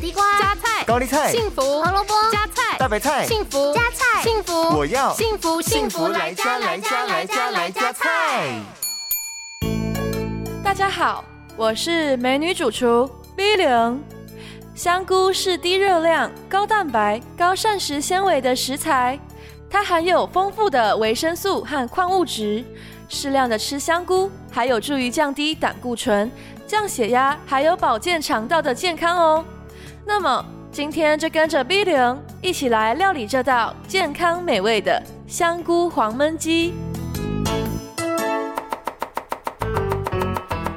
地瓜加菜，高麗麗菜，幸福；紅蘿蔔，加菜，大白北菜，幸福；加菜，幸福。我要幸福，幸福來加，來加，來加，來加菜。大家好，我是美女主廚 V 零。香菇是低熱量、高蛋白、高膳食纖維的食材，它含有豐富的維生素和礦物質。適量的吃香菇，還有助於降低膽固醇、降血壓，還有保健腸道的健康哦。那麼今天就跟着 Billion 一起來料理這道健康美味的香菇黃燜雞。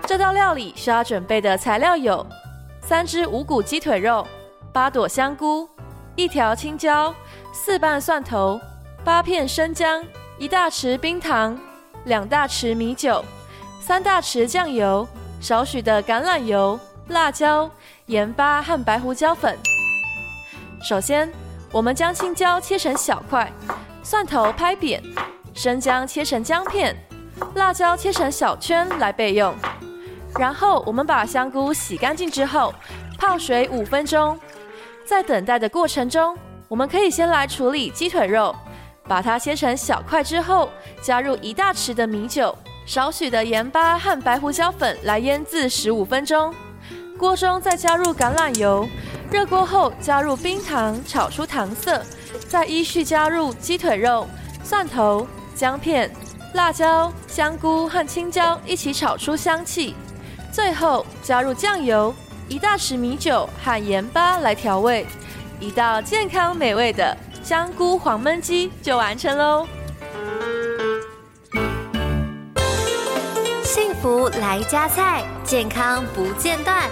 這道料理需要準備的材料有：三隻無骨雞腿肉、八朵香菇、一條青椒、四瓣蒜頭、八片生薑、一大匙冰糖、兩大匙米酒、三大匙醬油、少許的橄欖油。辣椒、鹽巴和白胡椒粉。首先，我們將青椒切成小塊，蒜頭拍扁，生薑切成薑片，辣椒切成小圈來備用。然後，我們把香菇洗乾淨之後，泡水五分鐘。在等待的過程中，我們可以先來處理雞腿肉，把它切成小塊之後，加入一大匙的米酒、少許的鹽巴和白胡椒粉來醃漬十五分鐘。鍋中再加入橄欖油，熱鍋後加入冰糖炒出糖色，再依序加入雞腿肉、蒜頭、薑片、辣椒、香菇和青椒一起炒出香氣，最後加入醬油、一大匙米酒和鹽巴來調味，一道健康美味的香菇黃燜雞就完成嘍！幸福來加菜，健康不間斷。